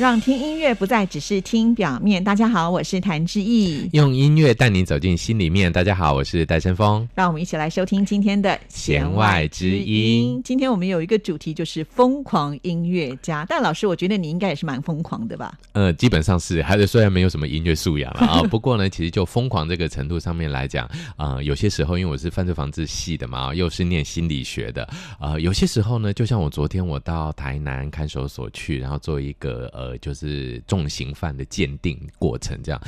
讓聽音樂不再只是聽表面。大家好，我是譚志毅。用音樂帶你走進心裡面。大家好，我是戴森峰。讓我們一起來收聽今天的弦外，外之音。今天我們有一個主題就是瘋狂音樂家。但老師，我覺得你應該也是蠻瘋狂的吧？呃，基本上是，還是雖然沒有什麼音樂素養啊、 哦，不過呢，其實就瘋狂這個程度上面來講啊、呃，有些時候因為我是犯罪防治系的嘛，又是念心理學的，啊、呃，有些時候呢，就像我昨天我到台南看守所去，然後做一個呃。就是重刑犯的鑑定過程，這樣。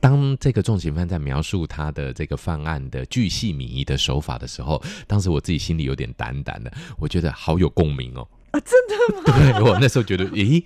當這個重刑犯在描述他的這個犯案的巨細靡的手法的時候，當時我自己心裡有點膽膽的，我覺得好有共鳴哦。啊，真的嗎？ 對，我那時候覺得，咦。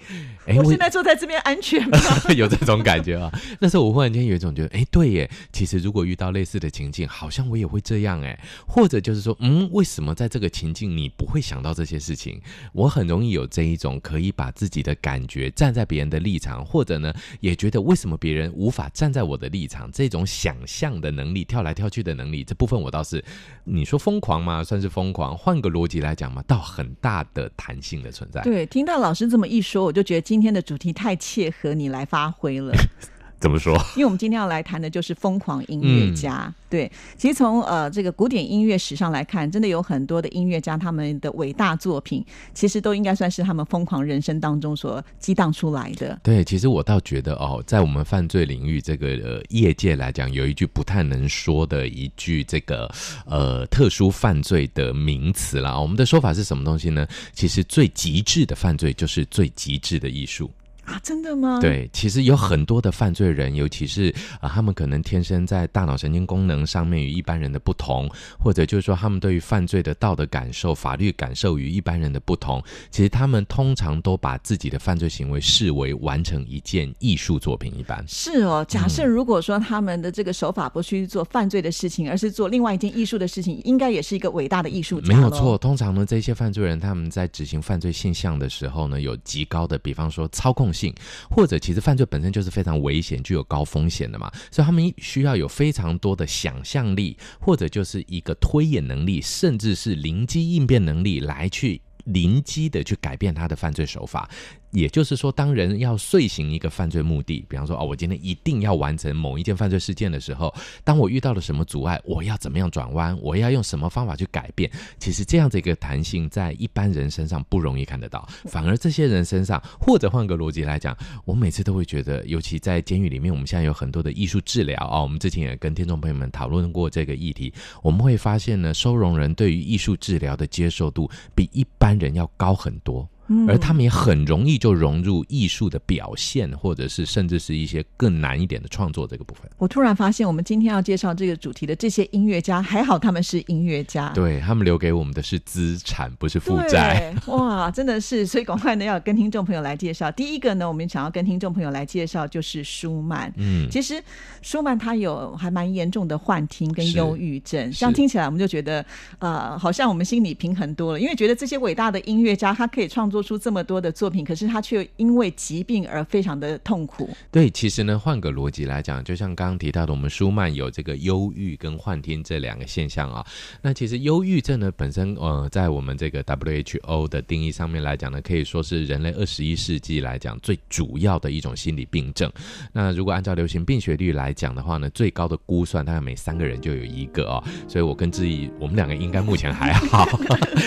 哎、欸，我現在坐在這邊安全嗎？ 有這種感覺啊！那時候我忽然間有一種覺得，哎、欸，對耶，其實如果遇到類似的情境，好像我也會這樣哎。或者就是說，嗯，為什麼在這個情境你不會想到這些事情？我很容易有這一種可以把自己的感覺站在別人的立場，或者呢，也覺得為什麼別人無法站在我的立場？這種想象的能力、跳來跳去的能力，這部分我倒是，你說瘋狂嗎？算是瘋狂。換個邏輯來講嘛，倒很大的彈性的存在。對，聽到老師這麼一說，我就覺得。今天的主題太契合你來發揮了。 怎麼說？因為我們今天要來談的就是瘋狂音樂家。嗯、對，其實從呃這個古典音樂史上來看，真的有很多的音樂家，他們的偉大作品，其實都應該算是他們瘋狂人生當中所激盪出來的。對，其實我倒覺得哦，在我們犯罪領域這個、呃、業界來講，有一句不太能說的一句這個呃特殊犯罪的名詞啦。哦，我們的說法是什麼東西呢？其實最極致的犯罪就是最極致的藝術。啊，真的嗎？對，其實有很多的犯罪人，尤其是啊、呃，他們可能天生在大腦神經功能上面與一般人的不同，或者就是說他們對於犯罪的道德感受、法律感受與一般人的不同。其實他們通常都把自己的犯罪行為視為完成一件藝術作品一般。是哦，假設如果說他們的這個手法不去做犯罪的事情，嗯，而是做另外一件藝術的事情，應該也是一個偉大的藝術。沒有錯，通常呢，這些犯罪人他們在執行犯罪現象的時候呢，有極高的，比方說操控。性，或者其實犯罪本身就是非常危險、具有高風險的嘛，所以他們需要有非常多的想象力，或者就是一個推演能力，甚至是靈機應變能力，來去靈機的去改變他的犯罪手法。也就是說，當人要遂行一個犯罪目的，比方說啊、哦，我今天一定要完成某一件犯罪事件的時候，當我遇到了什麼阻礙，我要怎麼樣轉彎，我要用什麼方法去改變？其實這樣的一個彈性，在一般人身上不容易看得到，反而這些人身上，或者換個邏輯來講，我每次都會覺得，尤其在監獄裡面，我們現在有很多的藝術治療啊、哦，我們之前也跟聽眾朋友們討論過這個議題，我們會發現呢，收容人對於藝術治療的接受度比一般人要高很多。而他們也很容易就融入藝術的表現、嗯，或者是甚至是一些更難一點的創作這個部分。我突然發現，我們今天要介紹這個主題的這些音樂家，還好他們是音樂家，對，他們留給我們的是資產，不是負債。對，哇，真的是！所以趕快呢，要跟聽眾朋友來介紹。 第一個呢，我們想要跟聽眾朋友來介紹就是舒曼。嗯，其實舒曼他有還蠻嚴重的幻聽跟憂鬱症，這樣聽起來我們就覺得，呃，好像我們心理平衡多了，因為覺得這些偉大的音樂家他可以創作。做出這麼多的作品，可是他卻因為疾病而非常的痛苦。對，其實呢，換個邏輯來講，就像剛剛提到的，我們舒曼有這個憂鬱跟幻聽這兩個現象啊。那其實憂鬱症呢本身，呃，在我們這個 WHO 的定義上面來講呢，可以說是人類二十一世紀來講最主要的一種心理病症。那如果按照流行病學率來講的話呢，最高的估算大概每三個人就有一個哦。所以我跟自己，我們兩個應該目前還好。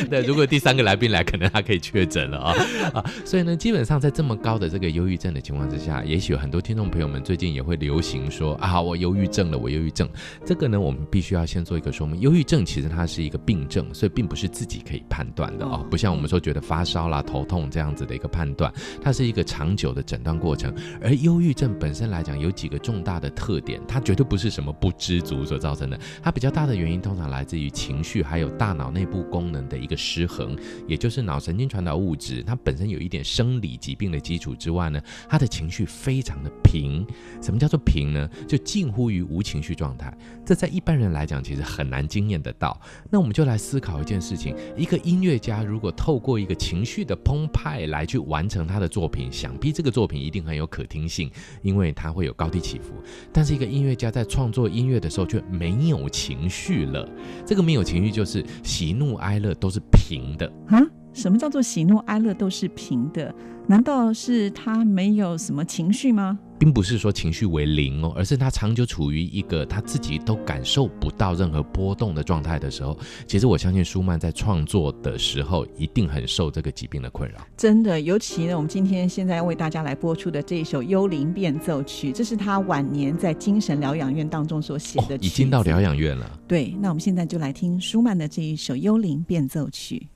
那 如果第三個來賓來，可能他可以確診了。啊、 哦、所以呢，基本上在這麼高的這個憂鬱症的情況之下，也許有很多聽眾朋友們最近也會流行說啊，我憂鬱症了，我憂鬱症。這個呢，我們必須要先做一個說明，憂鬱症其實它是一個病症，所以並不是自己可以判斷的啊、哦，不像我們說覺得發燒啦、頭痛這樣子的一個判斷，它是一個長久的診斷過程。而憂鬱症本身來講，有幾個重大的特點，它絕對不是什麼不知足所造成的，它比較大的原因通常來自於情緒還有大腦內部功能的一個失衡，也就是腦神經傳導物質。他本身有一點生理疾病的基礎之外呢，他的情緒非常的平。什麼叫做平呢？就近乎於無情緒狀態。這在一般人來講，其實很難經驗得到。那我們就來思考一件事情：一個音樂家如果透過一個情緒的澎湃來去完成他的作品，想必這個作品一定很有可聽性，因為它會有高低起伏。但是一個音樂家在創作音樂的時候卻沒有情緒了。這個沒有情緒，就是喜怒哀樂都是平的。嗯什麼叫做喜怒哀樂都是平的？難道是他沒有什麼情緒嗎？並不是說情緒為零哦，而是他長久處於一個他自己都感受不到任何波動的狀態的時候。其實我相信舒曼在創作的時候一定很受這個疾病的困擾。真的，尤其呢，我們今天現在為大家來播出的這一首《幽靈變奏曲》，這是他晚年在精神療養院當中所寫的。哦，已經到療養院了。對，那我們現在就來聽舒曼的這一首《幽靈變奏曲》。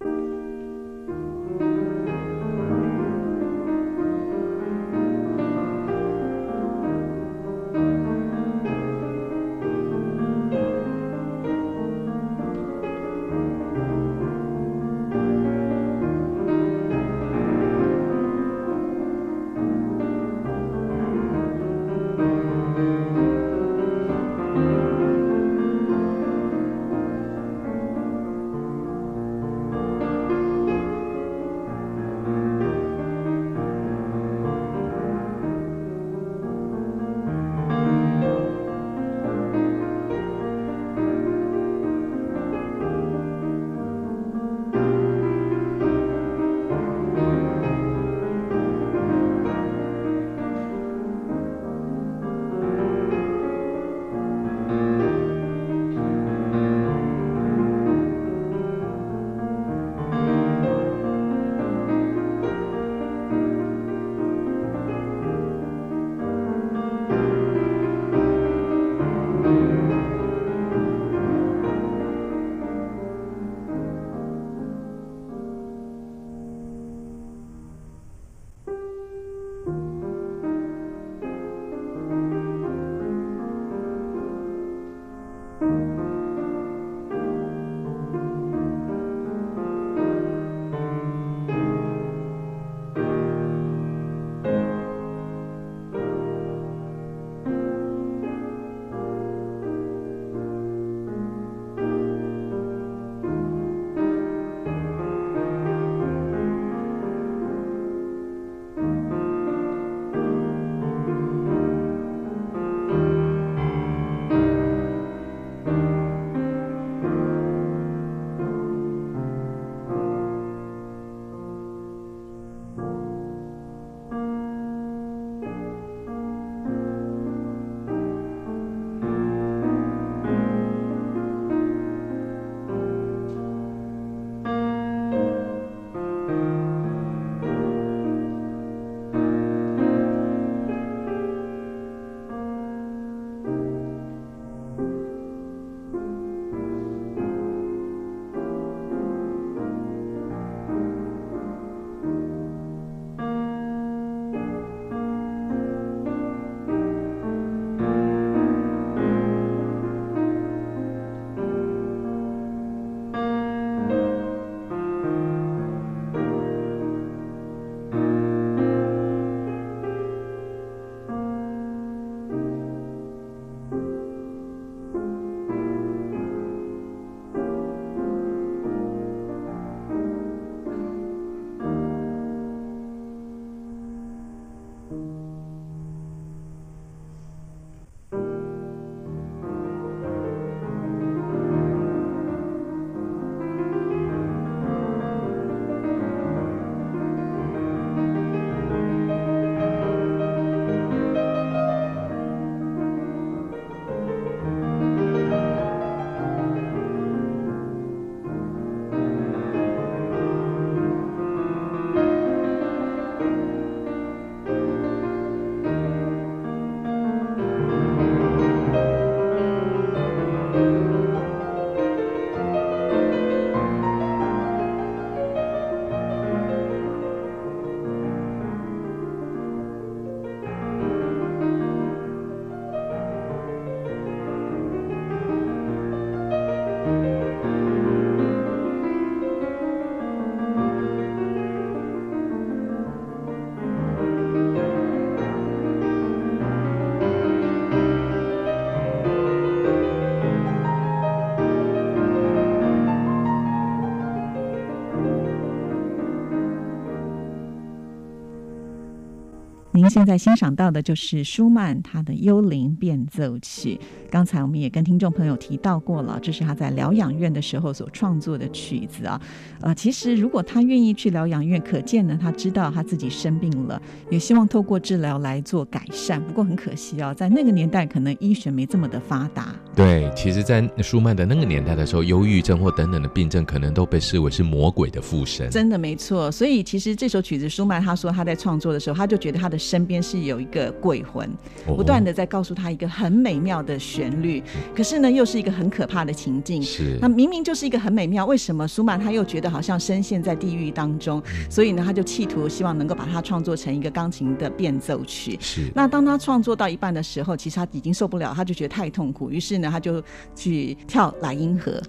現在欣賞到的就是舒曼他的《幽靈變奏曲》。剛才我們也跟聽眾朋友提到過了，這是他在療養院的時候所創作的曲子啊。呃，其實如果他願意去療養院，可見呢，他知道他自己生病了，也希望透過治療來做改善。不過很可惜啊，在那個年代，可能醫學沒這麼的發達。對，其實，在舒曼的那個年代的時候，憂鬱症或等等的病症，可能都被視為是魔鬼的附身。真的沒錯。所以，其實這首曲子，舒曼他說他在創作的時候，他就覺得他的身邊是有一個鬼魂，不斷的在告訴他一個很美妙的旋律。可是呢，又是一個很可怕的情境。是。那明明就是一個很美妙，為什麼舒曼他又覺得好像深陷在地獄當中？所以呢，他就企圖希望能夠把它創作成一個鋼琴的變奏曲。是。那當他創作到一半的時候，其實他已經受不了，他就覺得太痛苦，於是呢。那他就去跳萊茵河，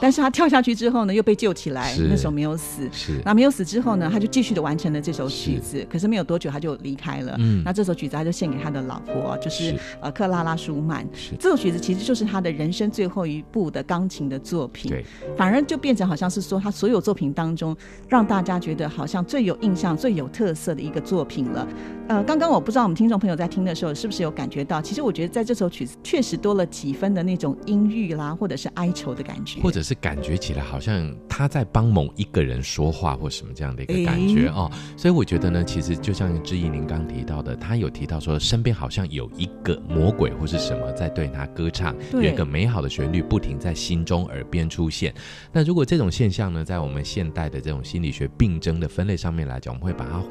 但是他跳下去之後呢，又被救起來，是那時候沒有死。是那沒有死之後呢，他就繼續的完成了這首曲子。可是沒有多久他就離開了。嗯，那這首曲子他就獻給他的老婆，就是，是呃克拉拉舒曼，是。這首曲子其實就是他的人生最後一部的鋼琴的作品。對，反而就變成好像是說他所有作品當中，讓大家覺得好像最有印象、最有特色的一個作品了。呃，剛剛我不知道我們聽眾朋友在聽的時候是不是有感覺到，其實我覺得在這首曲子確實多了幾分的那種陰鬱啦，或者是哀愁的感覺，或者是感覺起來好像他在幫某一個人說話，或什麼這樣的一個感覺、欸、哦。所以我覺得呢，其實就像志毅您剛提到的，他有提到說身邊好像有一個魔鬼或是什麼在對他歌唱，有一個美好的旋律不停在心中、耳邊出現。那如果這種現象呢，在我們現代的這種心理學病症的分類上面來講，我們會把它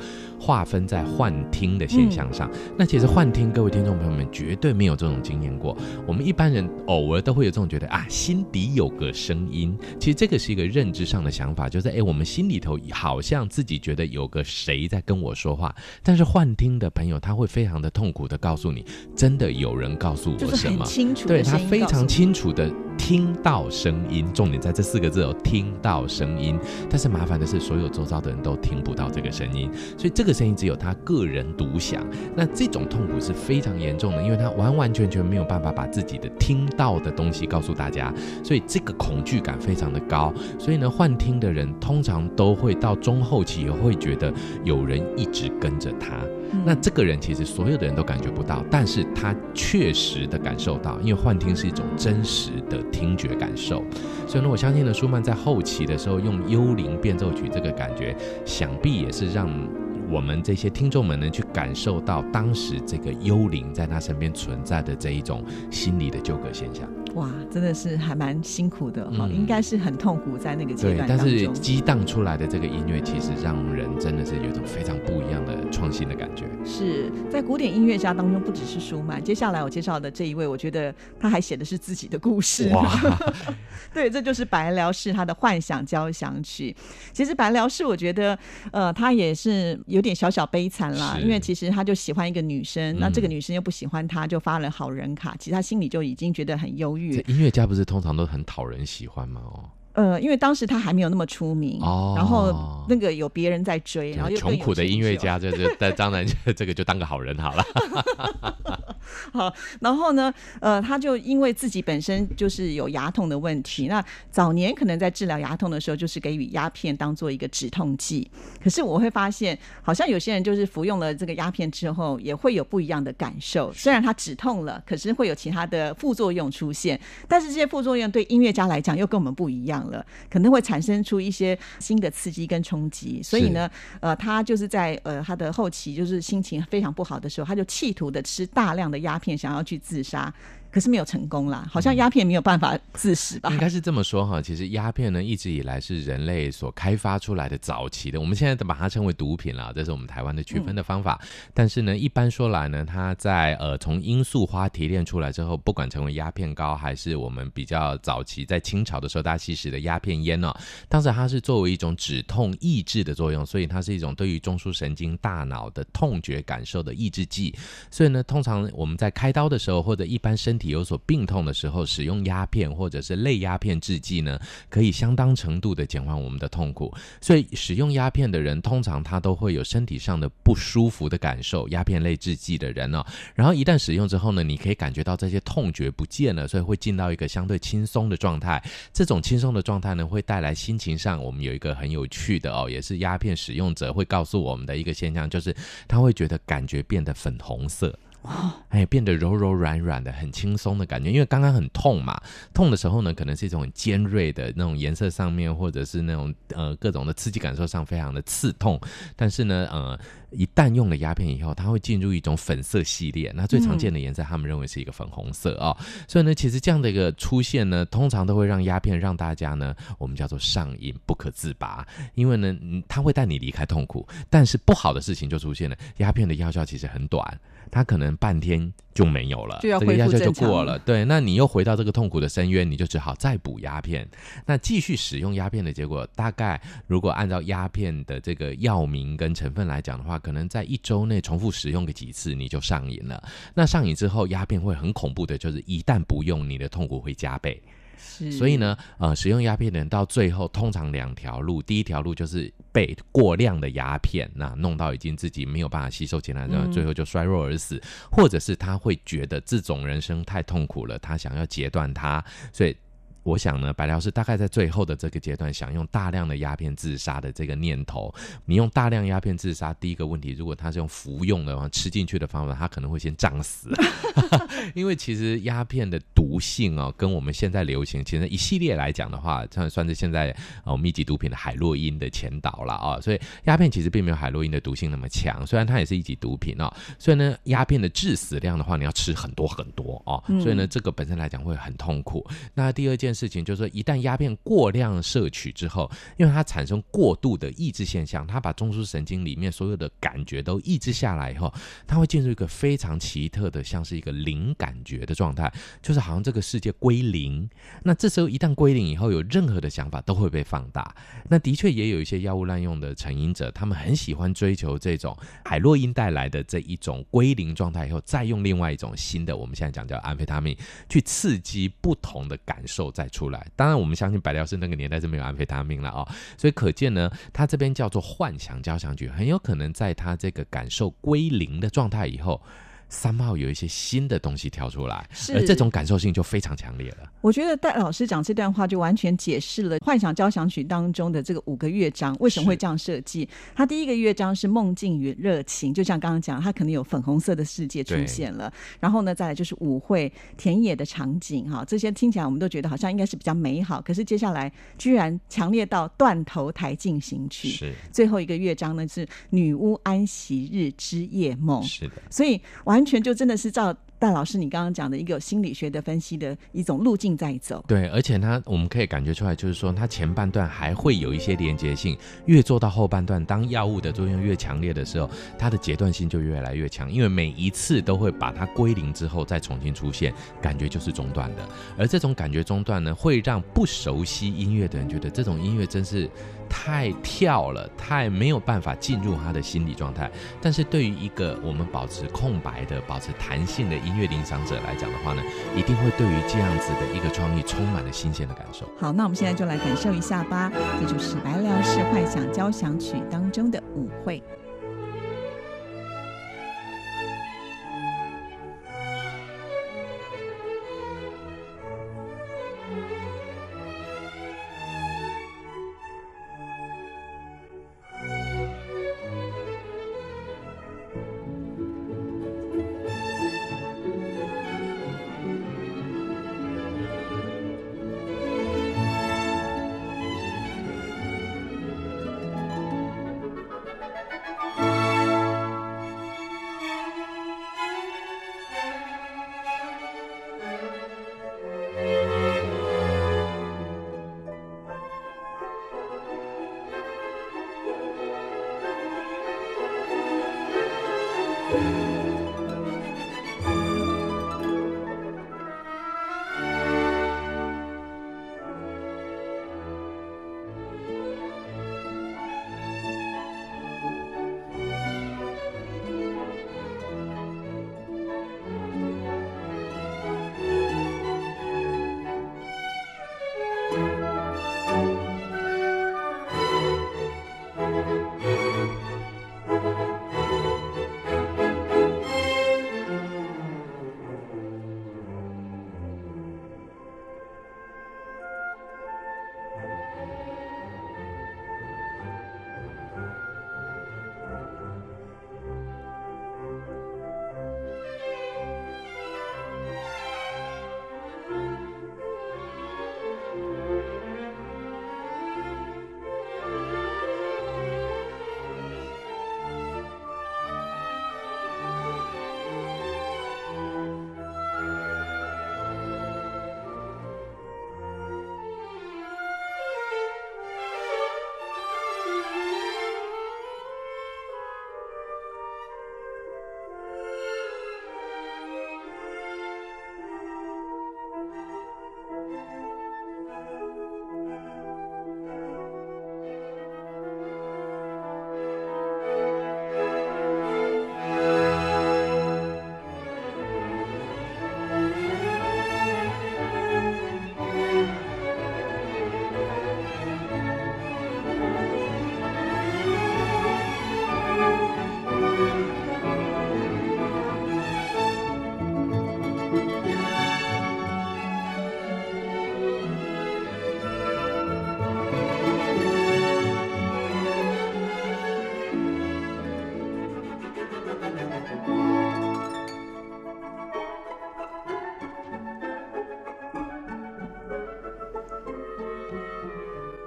劃分在幻聽的現象上、嗯。那其實幻聽，各位聽眾朋友們絕對沒有這種經驗過，我們一般人。偶爾都會有這種覺得啊，心底有個聲音。其實這個是一個認知上的想法，就是哎、欸，我們心裡頭好像自己覺得有個誰在跟我說話。但是幻聽的朋友他會非常的痛苦地告訴你，真的有人告訴我什麼？就是、對他非常清楚地聽到聲音，重點在這四個字哦，聽到聲音。但是麻煩的是，所有周遭的人都聽不到這個聲音，所以這個聲音只有他個人獨享。那這種痛苦是非常嚴重的，因為他完完全全沒有辦法把自己的聽。聽到的東西告訴大家，所以這個恐懼感非常的高。所以呢，幻聽的人通常都會到中後期，也會覺得有人一直跟着他。嗯。那這個人其實所有的人都感覺不到，但是他確實的感受到，因為幻聽是一種真實的聽覺感受。所以呢，我相信呢，舒曼在後期的時候用《幽靈變奏曲》這個感覺，想必也是讓。我們這些聽眾們能去感受到當時這個幽靈在他身邊存在的這一種心理的糾葛現象。哇，真的是還蠻辛苦的哈、嗯，應該是很痛苦在那個階段。對，但是激盪出來的這個音樂，其實讓人真的是有一種非常不一樣的創新的感覺。是在古典音樂家當中，不只是舒曼。接下來我介紹的這一位，我覺得他還寫的是自己的故事。哇， 對，這就是白遼士他的幻想交響曲。其實白遼士我覺得，呃，他也是有點小小悲慘啦，因為其實他就喜歡一個女生，嗯，那這個女生又不喜歡他，就發了好人卡，其實他心裡就已經覺得很憂鬱。這音樂家不是通常都很討人喜歡嗎？哦，呃，因為當時他還沒有那麼出名哦，然後那個有別人在追，哦、然後、啊、窮苦的音樂家這這，當然這個就當個好人好了。 好，然後呢，呃，他就因為自己本身就是有牙痛的問題，那早年可能在治療牙痛的時候，就是給予鴉片當做一個止痛劑。可是我會發現，好像有些人就是服用了這個鴉片之後，也會有不一樣的感受。雖然他止痛了，可是會有其他的副作用出現。但是這些副作用對音樂家來講，又跟我們不一樣了，可能會產生出一些新的刺激跟衝擊。所以呢，呃，他就是在呃他的後期就是心情非常不好的時候，他就企圖的吃大量的。的鴉片，想要去自殺。可是沒有成功啦，好像鴉片沒有辦法自食吧？嗯、應該是這麼說哈，其實鴉片呢一直以來是人類所開發出來的早期的，我們現在把它稱為毒品了，這是我們台灣的區分的方法、嗯。但是呢，一般說來呢，它在呃從罌粟花提煉出來之後，不管成為鴉片膏還是我們比較早期在清朝的時候大家吸食的鴉片煙呢、喔，當時它是作為一種止痛抑制的作用，所以它是一種對於中樞神經大腦的痛覺感受的抑制劑。所以呢，通常我們在開刀的時候或者一般身體。體有所病痛的時候，使用鴉片或者是類鴉片制劑呢，可以相當程度的減緩我們的痛苦。所以，使用鴉片的人通常他都會有身體上的不舒服的感受。鴉片類制劑的人呢、哦，然後一旦使用之後呢，你可以感覺到這些痛覺不見了，所以會進到一個相對輕鬆的狀態。這種輕鬆的狀態呢，會帶來心情上，我們有一個很有趣的哦，也是鴉片使用者會告訴我們的一個現象，就是他會覺得感覺變得粉紅色。哦，哎，變得柔柔軟軟的，很輕鬆的感覺。因為剛剛很痛嘛，痛的時候呢，可能是一種很尖銳的那種顏色上面，或者是那種呃各種的刺激感受上非常的刺痛。但是呢，呃，一旦用了鴉片以後，它會進入一種粉色系列。那最常見的顏色，他們認為是一個粉紅色啊、嗯哦。所以呢，其實這樣的一個出現呢，通常都會讓鴉片讓大家呢，我們叫做上癮不可自拔。因為呢，它會帶你離開痛苦，但是不好的事情就出現了。鴉片的藥效其實很短。它可能半天就沒有了，這個藥效就過了。對，那你又回到這個痛苦的深淵，你就只好再補鴉片。那繼續使用鴉片的結果，大概如果按照鴉片的這個藥名跟成分來講的話，可能在一周內重複使用個幾次，你就上癮了。那上癮之後，鴉片會很恐怖的，就是一旦不用，你的痛苦會加倍。所以呢，呃，使用鴉片的人到最後，通常兩條路。第一條路就是被過量的鴉片，那弄到已經自己沒有辦法吸收進來，然後最後就衰弱而死，嗯、或者是他會覺得這種人生太痛苦了，他想要截斷它，所以。我想呢，白老師大概在最後的這個階段，想用大量的鴉片自殺的這個念頭。你用大量鴉片自殺，第一個問題，如果他是用服用的話，吃進去的方法，他可能會先脹死。 因為其實鴉片的毒性哦，跟我們現在流行其實一系列來講的話，算算是現在哦一級毒品的海洛因的前導了哦。所以鴉片其實並沒有海洛因的毒性那麼強，雖然它也是一級毒品哦。所以呢，鴉片的致死量的話，你要吃很多很多哦。嗯、所以呢，這個本身來講會很痛苦。那第二件。事情就是說，一旦鴉片過量攝取之後，因為它產生過度的抑制現象，它把中樞神經裡面所有的感覺都抑制下來以後，它會進入一個非常奇特的，像是一個零感覺的狀態，就是好像這個世界歸零。那這時候一旦歸零以後，有任何的想法都會被放大。那的確也有一些藥物濫用的成癮者，他們很喜歡追求這種海洛因帶來的這一種歸零狀態以後，再用另外一種新的，我們現在講叫安非他命，去刺激不同的感受在。出來，當然我們相信白遼士那個年代是沒有安非他命了啊、哦，所以可見呢，他這邊叫做幻想交響曲，很有可能在他這個感受歸零的狀態以後。三號有一些新的東西跳出來，是而這種感受性，就非常強烈了。我覺得戴老師講這段話就完全解釋了《幻想交響曲》當中的這個五個樂章為什麼會這樣設計。他第一個樂章是夢境與熱情，就像剛剛講，他可能有粉紅色的世界出現了。然後呢，再來就是舞會、田野的場景，哈，這些聽起來我們都覺得好像應該是比較美好。可是接下來居然強烈到斷頭台進行曲。是。最後一個樂章呢，是女巫安息日之夜夢。是的，所以完。完全就真的是照戴老師你剛剛講的一個心理學的分析的一種路徑在走。對，而且他我們可以感覺出來，就是說他前半段還會有一些連接性，越做到後半段，當藥物的作用越強烈的時候，它的階段性就越來越強，因為每一次都會把它歸零之後再重新出現，感覺就是中斷的。而這種感覺中斷呢，會讓不熟悉音樂的人覺得這種音樂真是。太跳了，太沒有辦法進入他的心理狀態。但是對於一個我們保持空白的，保持彈性的音樂欣賞者來講的話呢，一定會對於這樣子的一個創意充滿了新鮮的感受。好，那我們現在就來感受一下吧。這就是《白遼士幻想交響曲》當中的舞會。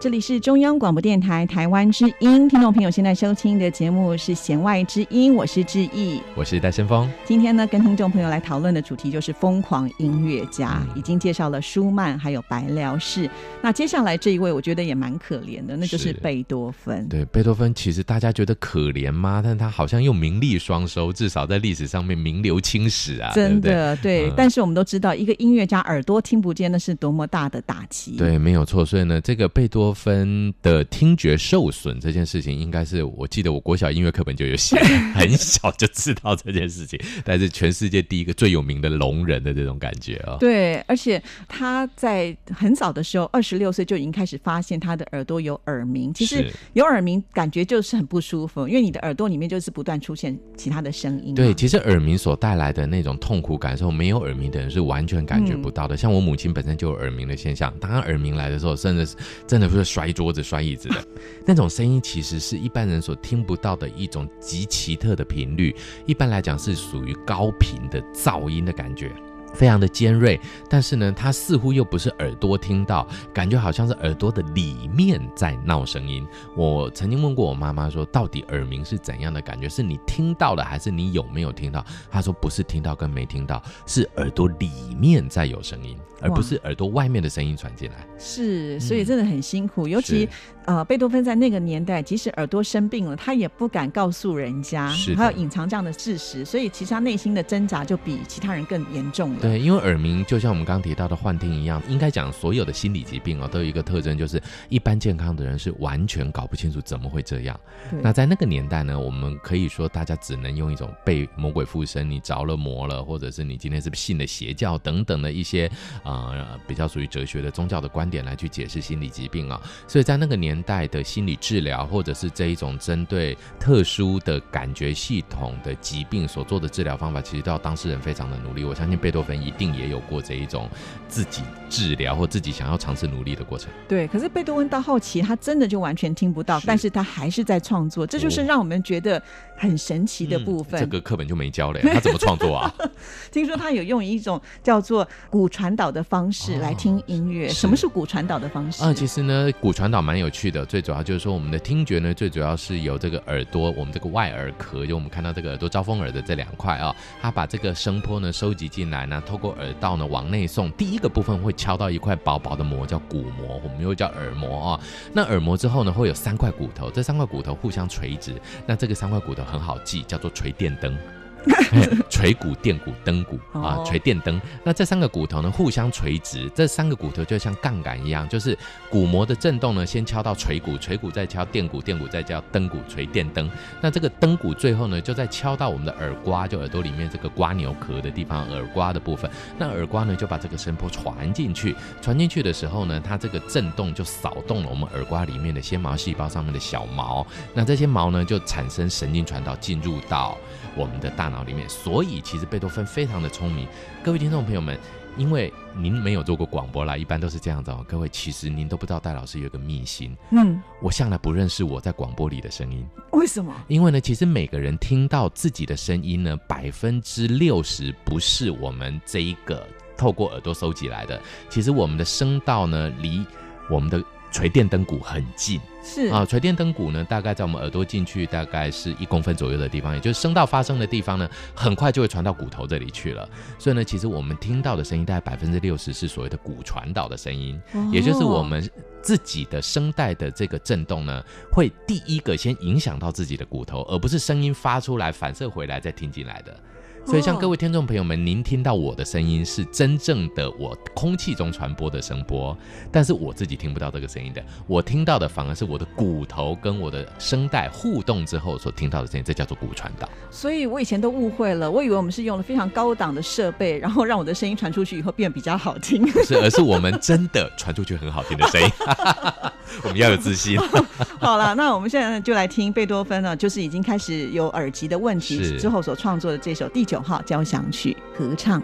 這裡是中央廣播電台台灣之音，聽眾朋友現在收聽的節目是《弦外之音》，我是志毅，我是戴先鋒。今天呢，跟聽眾朋友來討論的主題就是瘋狂音樂家，嗯、已經介紹了舒曼還有白遼士、嗯，那接下來這一位我覺得也蠻可憐的，那就是貝多芬。對，貝多芬其實大家覺得可憐嗎？但他好像又名利雙收，至少在歷史上面名留青史啊，真的對、對、對、嗯。但是我們都知道，一個音樂家耳朵聽不見，那是多麼大的打擊。對，沒有錯。所以呢，這個貝多。分的聽覺受損這件事情，應該是我記得我國小音樂課本就有寫， 很小就知道這件事情。但是全世界第一個最有名的聾人的這種感覺啊、哦，對，而且他在很早的時候，二十六歲就已經開始發現他的耳朵有耳鳴。其實有耳鳴感覺就是很不舒服，因為你的耳朵裡面就是不斷出現其他的聲音。對，其實耳鳴所帶來的那種痛苦感受，沒有耳鳴的人是完全感覺不到的。嗯、像我母親本身就有耳鳴的現象，當他耳鳴來的時候，甚至真的不是，摔桌子、摔椅子的那種聲音，其實是一般人所聽不到的一種極奇特的頻率。一般來講是屬於高頻的噪音的感覺，非常的尖銳。但是呢，它似乎又不是耳朵聽到，感覺好像是耳朵的裡面在鬧聲音。我曾經問過我媽媽說，到底耳鳴是怎樣的感覺？是你聽到了，還是你有沒有聽到？她說不是聽到跟沒聽到，是耳朵裡面在有聲音。而不是耳朵外面的聲音傳進來，是，所以真的很辛苦。嗯、尤其，呃，貝多芬在那個年代，即使耳朵生病了，他也不敢告訴人家，他要隱藏這樣的事實，所以其實他內心的掙扎就比其他人更嚴重了。對，因為耳鳴就像我們剛提到的幻聽一樣，應該講所有的心理疾病啊、哦，都有一個特徵，就是一般健康的人是完全搞不清楚怎麼會這樣。那在那個年代呢，我們可以說大家只能用一種被魔鬼附身，你着了魔了，或者是你今天是不是信了邪教等等的一些啊。呃啊，比較屬於哲學的宗教的觀點來去解釋心理疾病啊，所以在那個年代的心理治療，或者是這一種針對特殊的感覺系統的疾病所做的治療方法，其實都要當事人非常的努力。我相信貝多芬一定也有過這一種自己治療或自己想要嘗試努力的過程。對，可是貝多芬到後期，他真的就完全聽不到，是，但是他還是在創作，這就是讓我們覺得很神奇的部分。哦嗯、這個課本就沒教了， 他怎麼創作啊？ 聽說他有用一種叫做骨傳導的。的方式來聽音樂，什、哦、麼是骨傳導的方式？啊，其實呢，骨傳導蠻有趣的，最主要就是說我們的聽覺呢，最主要是由這個耳朵，我們這個外耳殼，就我們看到這個耳朵招風耳的這兩塊啊，它把這個聲波呢收集進來呢、啊，透過耳道呢往內送，第一個部分會敲到一塊薄薄的膜，叫鼓膜，我們又叫耳膜啊、哦。那耳膜之後呢，會有三塊骨頭，這三塊骨頭互相垂直，那這個三塊骨頭很好記，叫做錘電、燈。錘 骨、電骨、鐙骨啊，錘、電、燈。Oh. 那這三個骨頭呢，互相垂直。這三個骨頭就像槓桿一樣，就是鼓膜的震動呢，先敲到錘骨，錘骨再敲電骨，電骨再敲鐙骨，錘、電、燈。那這個鐙骨最後呢，就再敲到我們的耳蝸，就耳朵裡面這個蝸牛殼的地方，耳蝸的部分。那耳蝸呢，就把這個聲波傳進去。傳進去的時候呢，它這個震動就掃動了我們耳蝸裡面的纖毛細胞上面的小毛。那這些毛呢，就產生神經傳導，進入到。我們的大腦裡面，所以其實貝多芬非常的聰明。各位聽眾朋友們，因為您沒有做過廣播啦，一般都是這樣子喔。各位，其實您都不知道戴老師有個祕辛，嗯，我向來不認識我在廣播裡的聲音。為什麼？因為呢，其實每個人聽到自己的聲音呢，百分之六十不是我們這一個透過耳朵收集來的。其實我們的聲道呢，離我們的。錘電燈骨很近，是啊，錘電燈骨呢，大概在我們耳朵進去，大概是一公分左右的地方，也就是聲道發聲的地方呢，很快就會傳到骨頭這裡去了。所以呢，其實我們聽到的聲音，大概百分之六十是所謂的骨傳導的聲音哦哦，也就是我們自己的聲帶的這個震動呢，會第一個先影響到自己的骨頭，而不是聲音發出來反射回來再聽進來的。所以，像各位聽眾朋友們，您聽到我的聲音是真正的我空氣中傳播的聲波，但是我自己聽不到這個聲音的，我聽到的反而是我的骨頭跟我的聲帶互動之後所聽到的聲音，這叫做骨傳導。所以，我以前都誤會了，我以為我們是用了非常高檔的設備，然後讓我的聲音傳出去以後變得比較好聽。是，而是我們真的傳出去很好聽的聲音。 我們要有自信。 好了，那我們現在就來聽貝多芬呢，就是已經開始有耳機的問題之後所創作的這首第九。地球《九號交響曲》合唱。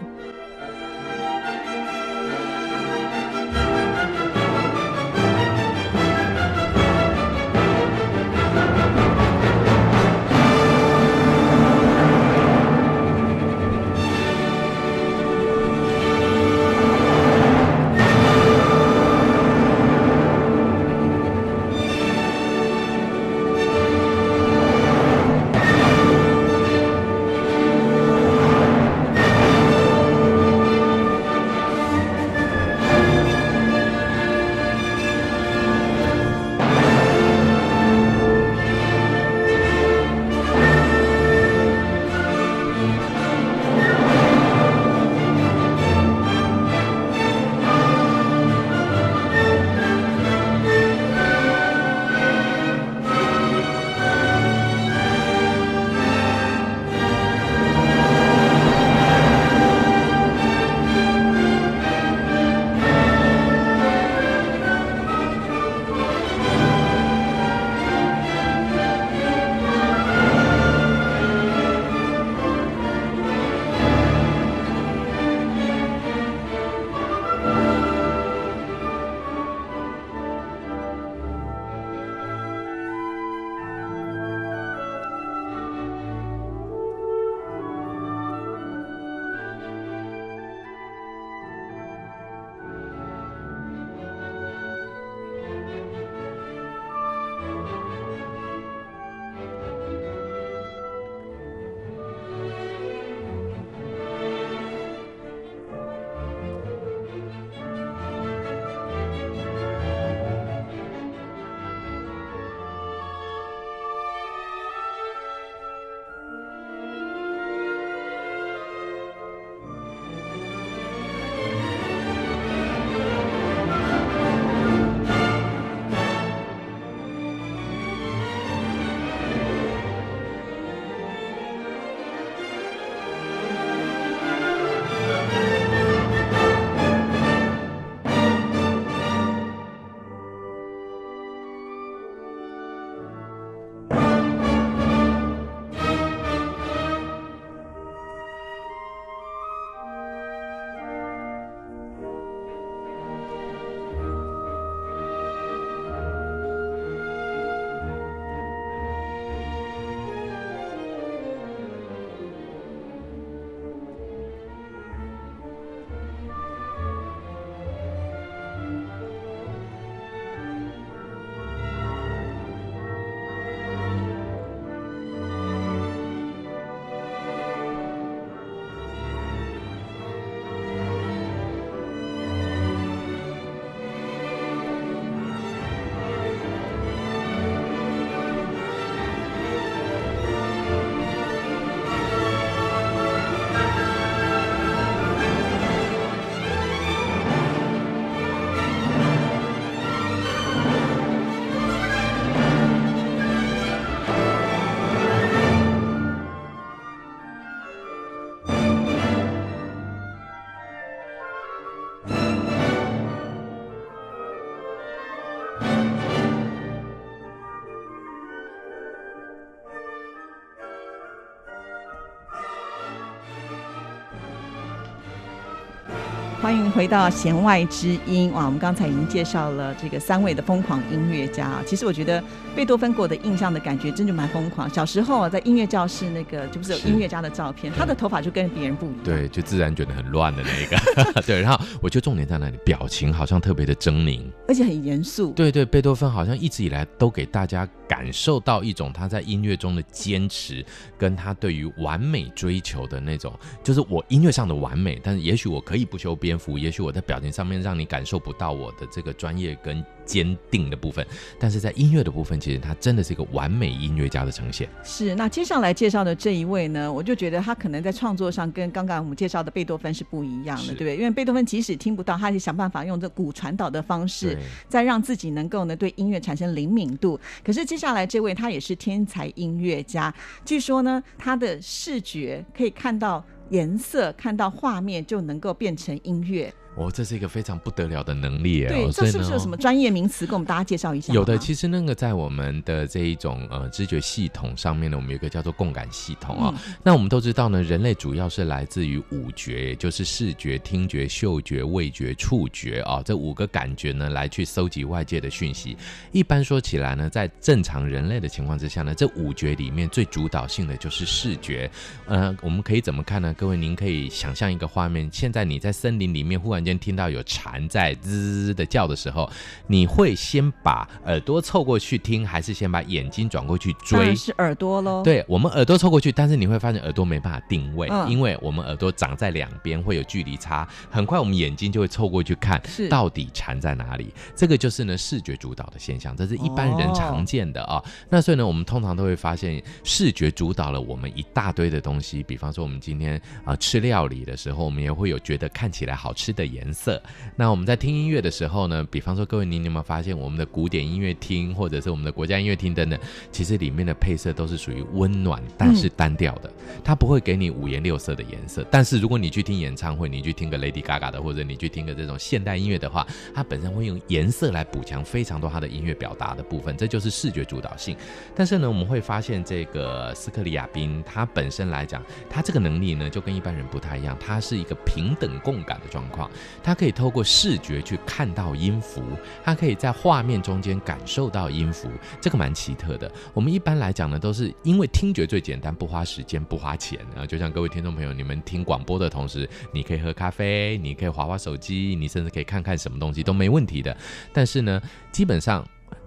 歡迎回到弦外之音，哇，我們剛才已經介紹了這個三位的瘋狂音樂家啊。其實我覺得貝多芬給我的印象的感覺，真的蠻瘋狂。小時候啊，在音樂教室那個，就不是有音樂家的照片，他的頭髮就跟別人不一樣，對，就自然捲得很亂的那個。 對，然後我就重點在那裡？表情好像特別的猙獰，而且很嚴肅。對對，貝多芬好像一直以來都給大家感受到一種他在音樂中的堅持，跟他對於完美追求的那種，就是我音樂上的完美。但是也許我可以不修邊幅。也許我在表情上面讓你感受不到我的這個專業跟堅定的部分，但是在音樂的部分，其實他真的是一個完美音樂家的呈現。是那接下來介紹的這一位呢，我就覺得他可能在創作上跟剛剛我們介紹的貝多芬是不一樣的，對不對？因為貝多芬即使聽不到，他也想辦法用這骨傳導的方式，再讓自己能夠呢對音樂產生靈敏度。可是接下來這位他也是天才音樂家，據說呢他的視覺可以看到，顏色，看到畫面就能夠變成音樂。哦，這是一個非常不得了的能力、哦。對，這是不是有什麼專業名詞？哦、給我們大家介紹一下。有的，其實那個在我們的這一種呃知覺系統上面呢，我們有一個叫做共感系統啊、哦嗯。那我們都知道呢，人類主要是來自於五覺，就是視覺、聽覺、嗅覺、味覺、觸覺啊、哦，這五個感覺呢，來去搜集外界的訊息。一般說起來呢，在正常人類的情況之下呢，這五覺裡面最主導性的就是視覺。呃，我們可以怎麼看呢？各位，您可以想象一個畫面：現在你在森林裡面忽然間聽到有蟬在吱的叫的時候，你會先把耳朵湊過去聽，還是先把眼睛轉過去追？當然是耳朵嘍。對，我們耳朵湊過去，但是你會發現耳朵沒辦法定位，嗯、因為我們耳朵長在兩邊會有距離差。很快我們眼睛就會湊過去看，到底蟬在哪裡？這個就是呢視覺主導的現象，這是一般人常見的啊、哦哦。那所以呢，我們通常都會發現視覺主導了我們一大堆的東西，比方說我們今天啊、呃、吃料理的時候，我們也會有覺得看起來好吃的顏色。那我們在聽音樂的時候呢，比方說各位您有沒有發現，我們的古典音樂廳或者是我們的國家音樂廳等等，其實裡面的配色都是屬於溫暖但是單調的。嗯，它不會給你五顏六色的顏色。但是如果你去聽演唱會，你去聽個 Lady Gaga 的，或者你去聽個這種現代音樂的話，它本身會用顏色來補強非常多它的音樂表達的部分，這就是視覺主導性。但是呢，我們會發現這個斯克里亞賓，他本身來講，他這個能力呢就跟一般人不太一樣，他是一個平等共感的狀況。他可以透過視覺去看到音符，他可以在畫面中間感受到音符，這個蠻奇特的。我們一般來講呢，都是因為聽覺最簡單，不花時間，不花錢啊。就像各位聽眾朋友，你們聽廣播的同時，你可以喝咖啡，你可以滑滑手機，你甚至可以看看什麼東西都沒問題的。但是呢，基本上。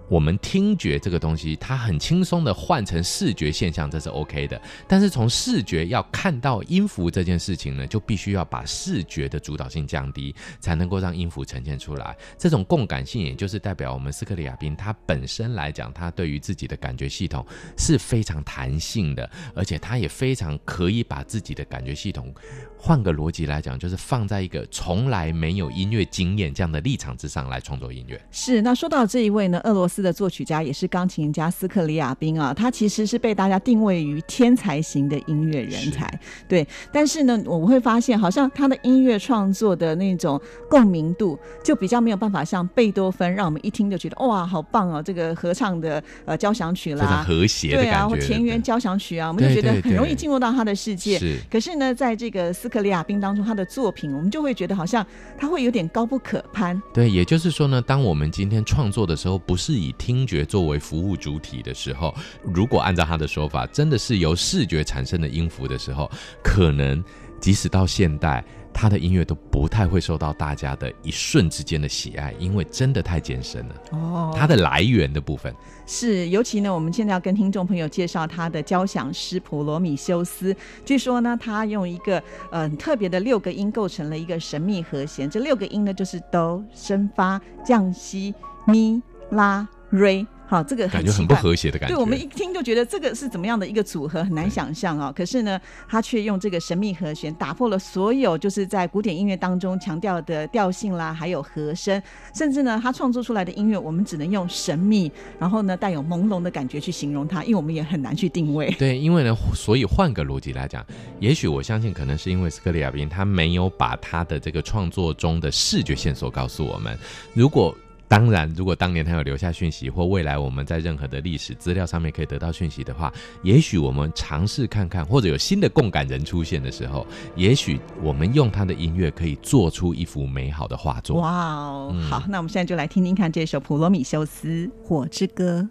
我們聽覺這個東西，它很輕鬆的換成視覺現象，這是 OK 的。但是從視覺要看到音符這件事情呢，就必須要把視覺的主導性降低，才能夠讓音符呈現出來。這種共感性，也就是代表我們斯克里亞賓他本身來講，他對於自己的感覺系統是非常彈性的，而且他也非常可以把自己的感覺系統，換個邏輯來講，就是放在一個從來沒有音樂經驗這樣的立場之上來創作音樂。是。那說到這一位呢，俄羅斯的作曲家、也是鋼琴家斯克里亞賓啊，他其實是被大家定位於天才型的音樂人才，對。但是呢，我們會發現好像他的音樂創作的那種共鳴度就比較沒有辦法像貝多芬，讓我們一聽就覺得哇，好棒哦！啊！這個合唱的呃交響曲啦，非常和諧，對啊，田園交響曲啊，我們就覺得很容易進入到他的世界。對對對。是，可是呢，在這個斯克里亞賓當中，他的作品我們就會覺得好像他會有點高不可攀。對，也就是說呢，當我們今天創作的時候，不是以以聽覺作為服務主體的時候，如果按照他的說法，真的是由視覺產生的音符的時候，可能即使到現代，他的音樂都不太會受到大家的一瞬之間的喜愛，因為真的太艱深了。哦，它的來源的部分是，尤其呢，我們現在要跟聽眾朋友介紹他的交響詩《普羅米修斯》。據說呢，他用一個嗯、呃、特別的六個音構成了一個神秘和弦，這六個音呢就是哆、升、發、降、西、咪、拉。Ray，好、哦，這個感覺很不和諧的感覺。對，我們一聽就覺得這個是怎麼樣的一個組合，很難想象啊、哦嗯。可是呢，他卻用這個神秘和弦打破了所有就是在古典音樂當中強調的調性啦，還有和聲，甚至呢，他創作出來的音樂，我們只能用神秘，然後呢，帶有朦朧的感覺去形容它，因為我們也很難去定位。對，因為呢，所以換個邏輯來講，也許我相信，可能是因為斯克里亞賓他沒有把他的這個創作中的視覺線索告訴我們，如果。當然，如果當年他有留下訊息，或未來我們在任何的歷史資料上面可以得到訊息的話，也許我們嘗試看看，或者有新的共感人出現的時候，也許我們用他的音樂可以做出一幅美好的畫作。哇哦！嗯、好，那我們現在就來聽聽看這首《普羅米修斯火之歌》。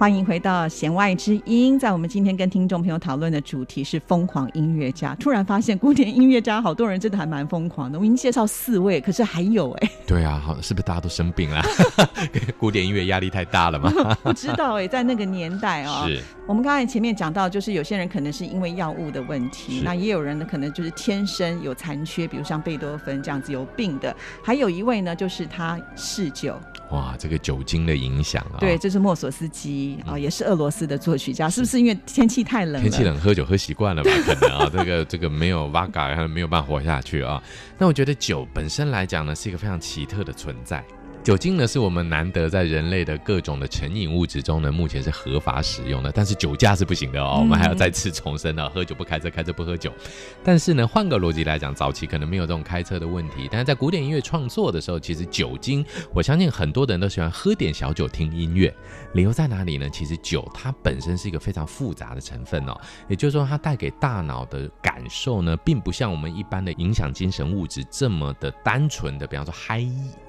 歡迎回到《絃外之音》。在我們今天跟聽眾朋友討論的主題是“瘋狂音樂家”。突然發現古典音樂家，好多人真的還蠻瘋狂的。我已經介紹四位，可是還有哎、欸。對啊，好，是不是大家都生病了？ 古典音樂壓力太大了嗎？ 不知道哎、欸，在那個年代哦。是。我們剛才前面講到，就是有些人可能是因為藥物的問題，那也有人呢，可能就是天生有殘缺，比如像貝多芬這樣子有病的。還有一位呢，就是他嗜酒。哇，這個酒精的影響啊！對，這是莫索斯基啊、哦，也是俄羅斯的作曲家，嗯、是不是因為天氣太冷了？天氣冷，喝酒喝習慣了吧？可能啊、哦！這個這個沒有 vodka，還沒有辦法活下去啊、哦！那我覺得酒本身來講呢，是一個非常奇特的存在。酒精呢，是我們難得在人類的各種的成癮物質中呢，目前是合法使用的。但是酒駕是不行的哦，嗯，我們還要再次重申呢，哦。喝酒不開車，開車不喝酒。但是呢，換個邏輯來講，早期可能沒有這種開車的問題。但是在古典音樂創作的時候，其實酒精，我相信很多的人都喜歡喝點小酒聽音樂。理由在哪裡呢？其實酒它本身是一個非常複雜的成分哦，也就是說它帶給大腦的感受呢，並不像我們一般的影響精神物質這麼的單純的。比方說嗨。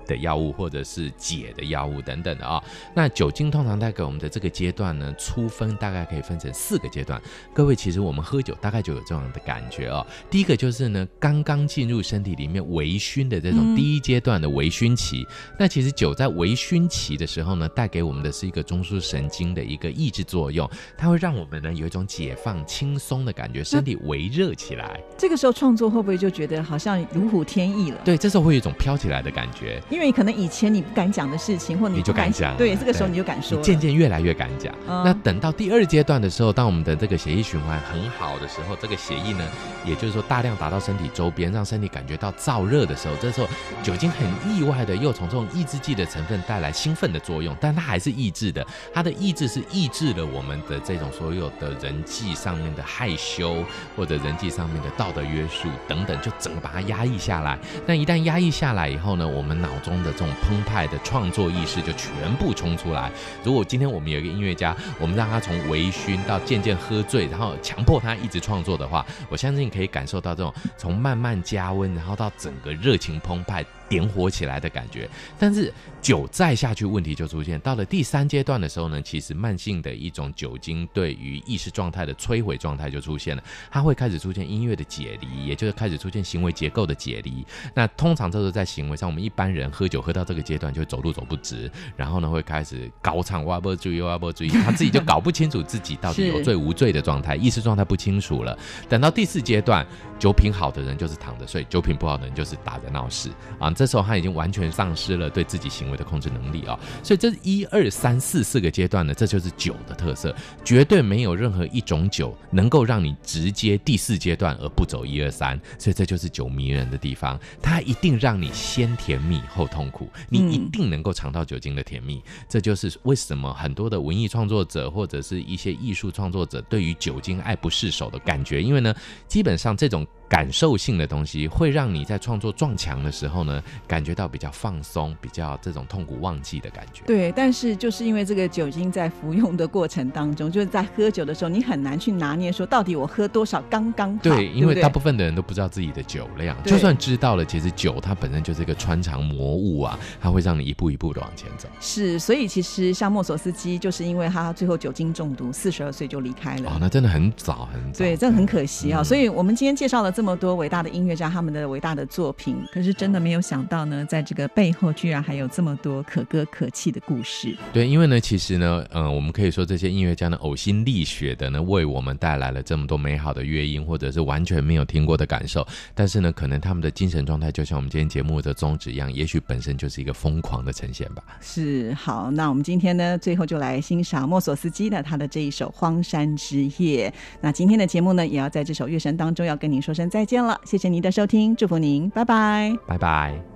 的藥物或者是解的藥物等等的啊、哦，那酒精通常帶給我們的這個階段呢，初分大概可以分成四個階段。各位其實我們喝酒大概就有這樣的感覺啊、哦。第一個就是呢，剛剛進入身體裡面微醺的這種第一階段的微醺期、嗯。那其實酒在微醺期的時候呢，帶給我們的是一個中樞神經的一個抑制作用，它會讓我們呢有一種解放、輕鬆的感覺，身體微熱起來。這個時候創作會不會就覺得好像如虎添翼了？對，這時候會有一種飄起來的感覺。因為你可能以前你不敢講的事情，或你，敢你就敢講，對，這個時候你就敢說。漸漸越來越敢講、嗯。那等到第二階段的時候，當我們的這個血液循環很好的時候，這個血液呢，也就是說大量達到身體周邊，讓身體感覺到燥熱的時候，這時候酒精很意外的又從這種抑制劑的成分帶來興奮的作用，但它還是抑制的，它的抑制是抑制了我們的這種所有的人際上面的害羞或者人際上面的道德約束等等，就整個把它壓抑下來。那一旦壓抑下來以後呢，我們腦中的這種澎湃的創作意識就全部衝出來。如果今天我們有一個音樂家，我們讓他從微醺到漸漸喝醉，然後強迫他一直創作的話，我相信可以感受到這種從慢慢加溫，然後到整個熱情澎湃。點火起來的感覺，但是酒再下去，問題就出現。到了第三階段的時候呢，其實慢性的一種酒精對於意識狀態的摧毀狀態就出現了，它會開始出現音樂的解離，也就是開始出現行為結構的解離。那通常這是在行為上，我們一般人喝酒喝到這個階段，就走路走不直，然後呢會開始高唱“哇不注意，哇不注意”， 他自己就搞不清楚自己到底有醉無醉的狀態，意識狀態不清楚了。等到第四階段，酒品好的人就是躺着睡，酒品不好的人就是打着鬧事啊。這時候他已經完全喪失了對自己行為的控制能力啊、哦，所以這一二三四四個階段呢，這就是酒的特色，絕對沒有任何一種酒能夠讓你直接第四階段而不走一二三，所以這就是酒迷人的地方，它一定讓你先甜蜜後痛苦，你一定能夠嘗到酒精的甜蜜、嗯，這就是為什麼很多的文藝創作者或者是一些藝術創作者對於酒精愛不釋手的感覺，因為呢，基本上這種。感受性的東西會讓你在創作撞牆的時候呢，感覺到比較放鬆，比較這種痛苦忘記的感覺。對，但是就是因為這個酒精在服用的過程當中，就是在喝酒的時候，你很難去拿捏說到底我喝多少剛剛好對，對，對，因為大部分的人都不知道自己的酒量，就算知道了，其實酒它本身就是一個穿腸魔物啊，它會讓你一步一步的往前走。是，所以其實像莫索斯基，就是因為他最後酒精中毒，四十二歲就離開了。啊、哦，那真的很早很早。對，真的很可惜啊、嗯。所以我們今天介紹了這。這麼多偉大的音樂家，他們的偉大的作品，可是真的沒有想到呢，在這個背後居然還有這麼多可歌可泣的故事。對，因為呢，其實呢，嗯、呃，我們可以說這些音樂家呢嘔心瀝血的呢，為我們帶來了這麼多美好的樂音，或者是完全沒有聽過的感受。但是呢，可能他們的精神狀態就像我們今天節目的宗旨一樣，也許本身就是一個瘋狂的呈現吧。是，好，那我們今天呢，最後就來欣賞莫索斯基的他的這一首《荒山之夜》。那今天的節目呢，也要在這首樂聲當中，要跟您說聲。再見了，謝謝您的收聽，祝福您，拜拜，拜拜。